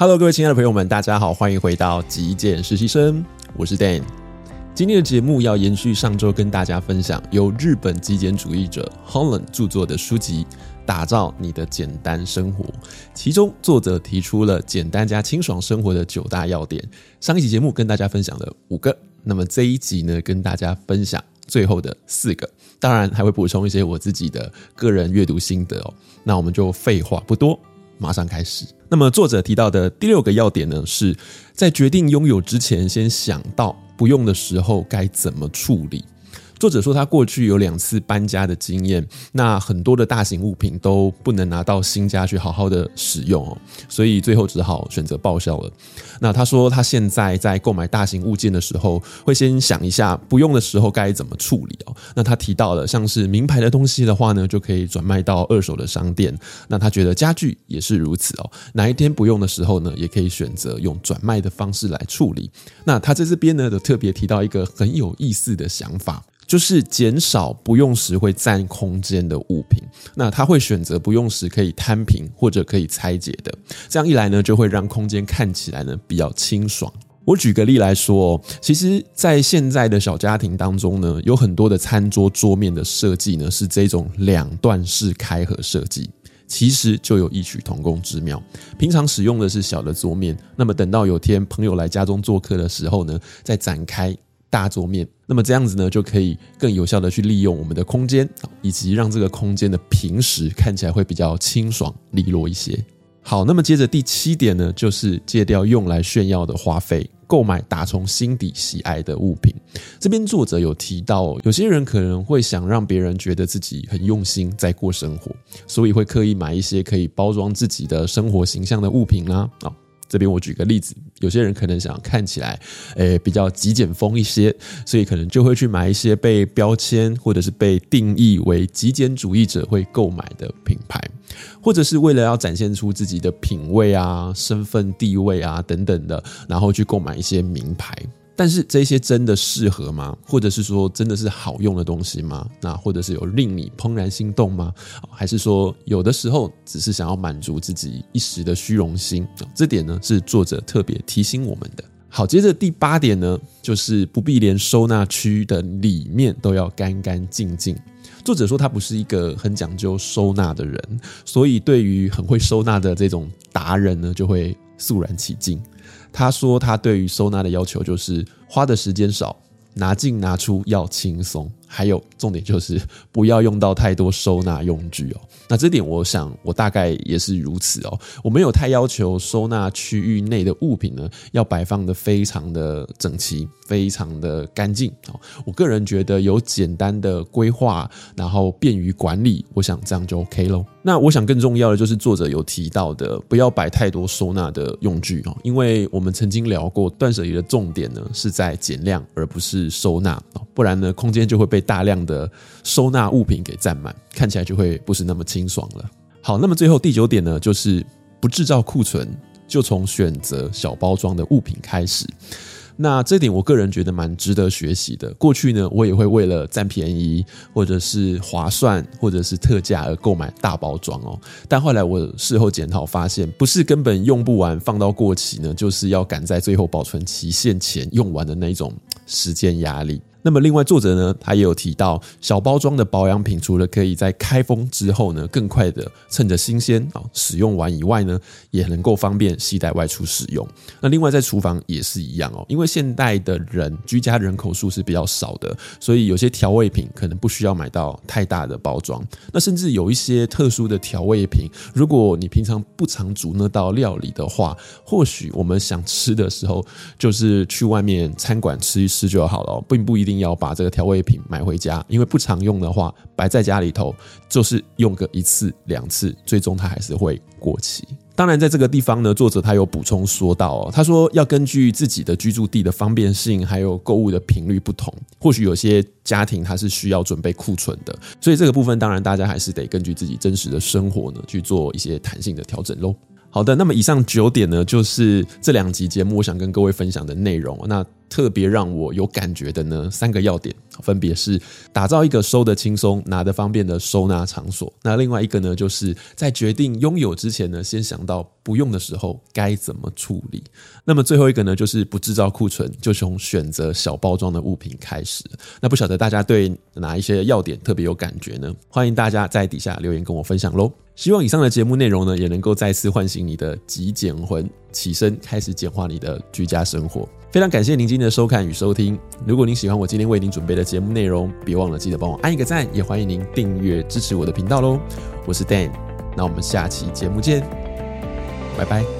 Hello，各位親愛的朋友們，大家好，歡迎回到極簡實習生，我是 Dan。今天的節目要延續上周跟大家分享由日本極簡主義者 holon 著作的書籍《打造你的簡單生活》，其中作者提出了簡單加清爽生活的九大要點。上一集節目跟大家分享了五個，那麼這一集呢，跟大家分享最後的四個，當然還會補充一些我自己的個人閱讀心得哦。那我們就廢話不多。馬上開始。那麼，作者提到的第六個要點呢，是在決定擁有之前，先想到不用的時候該怎麼處理。作者說他過去有兩次搬家的經驗，那很多的大型物品都不能拿到新家去好好的使用哦，所以最後只好選擇報銷了。那他說他現在在購買大型物件的時候，會先想一下不用的時候該怎麼處理哦。那他提到了像是名牌的東西的話呢，就可以轉賣到二手的商店。那他覺得家具也是如此哦，哪一天不用的時候呢，也可以選擇用轉賣的方式來處理。那他在這邊呢，都特別提到一個很有意思的想法。就是減少不用時會佔空間的物品，那他會選擇不用時可以攤平或者可以拆解的，這樣一來呢，就會讓空間看起來呢比較清爽。我舉個例來說，哦，其實，在現在的小家庭當中呢，有很多的餐桌桌面的設計呢是這種兩段式開合設計，其實就有異曲同工之妙。平常使用的是小的桌面，那麼等到有天朋友來家中做客的時候呢，再展開大桌面，那麼這樣子呢，就可以更有效的去利用我們的空間，以及讓這個空間的平時看起來會比較清爽利落一些。好，那麼接着第七點呢，就是戒掉用來炫耀的花費，購買打從心底喜愛的物品。這邊作者有提到，有些人可能會想讓別人覺得自己很用心在過生活，所以會刻意買一些可以包裝自己的生活形象的物品啦，啊。這邊我舉個例子，有些人可能想看起來，誒、欸、比較極簡風一些，所以可能就會去買一些被標籤或者是被定義為極簡主義者會購買的品牌，或者是為了要展現出自己的品味啊、身份地位啊等等的，然後去購買一些名牌。但是這些真的適合嗎？或者是說真的是好用的東西嗎？那或者是有令你怦然心動嗎？還是說有的時候只是想要滿足自己一時的虛榮心？這點呢是作者特別提醒我們的。好，接着第八點呢，就是不必連收納區的裡面都要乾乾淨淨。作者說他不是一個很講究收納的人，所以對於很會收納的這種達人呢，就會肅然起敬。他說他對於收納的要求就是花的時間少，拿進拿出要輕鬆。還有重點就是不要用到太多收納用具哦。那這點我想我大概也是如此哦。我沒有太要求收納區域內的物品呢，要擺放的非常的整齊，非常的乾淨哦。我個人覺得有簡單的規劃，然後便於管理，我想這樣就 OK 咯。那我想更重要的就是作者有提到的，不要擺太多收納的用具哦，因為我們曾經聊過斷捨離的重點呢是在減量，而不是收納哦。不然呢，空間就會被大量的收納物品給占滿，看起來就會不是那麼清爽了。好，那麼最後第九點呢，就是不制造庫存，就從選擇小包裝的物品開始。那這點我個人覺得蠻值得學習的。過去呢，我也會為了占便宜，或者是划算，或者是特價而購買大包裝哦。但後來我事後檢討發現，不是根本用不完，放到過期呢，就是要趕在最後保存期限前用完的那種時間壓力。那麼，另外作者呢，他也有提到，小包裝的保養品除了可以在開封之後呢，更快的趁着新鮮啊使用完以外呢，也能夠方便攜帶外出使用。那另外在廚房也是一樣哦，因為現代的人居家人口數是比較少的，所以有些調味品可能不需要買到太大的包裝。那甚至有一些特殊的調味品，如果你平常不常煮那道料理的話，或許我們想吃的時候，就是去外面餐館吃一吃就好了，並不一定。一定要把這個調味品買回家，因為不常用的話，擺在家裡頭就是用個一次兩次，最終它還是會過期。當然，在這個地方呢，作者他有補充說到哦，他說要根據自己的居住地的方便性，還有購物的頻率不同，或許有些家庭它是需要準備庫存的。所以這個部分，當然大家還是得根據自己真實的生活呢去做一些彈性的調整嘍。好的，那麼以上九點呢，就是這兩集節目我想跟各位分享的內容。那特別讓我有感覺的呢，三個要點分別是：打造一個收得輕鬆、拿得方便的收納場所；那另外一個呢，就是在決定擁有之前呢，先想到不用的時候該怎麼處理；那麼最後一個呢，就是不製造庫存，就從選擇小包裝的物品開始。那不曉得大家對哪一些要點特別有感覺呢？歡迎大家在底下留言跟我分享嘍。希望以上的節目內容呢，也能夠再次喚醒你的極簡魂，起身開始簡化你的居家生活。非常感謝您今天的收看與收聽。如果您喜歡我今天為您準備的節目內容，別忘了記得幫我按一個讚，也歡迎您訂閱支持我的頻道嘍。我是 Dan，那我們下期節目見，拜拜。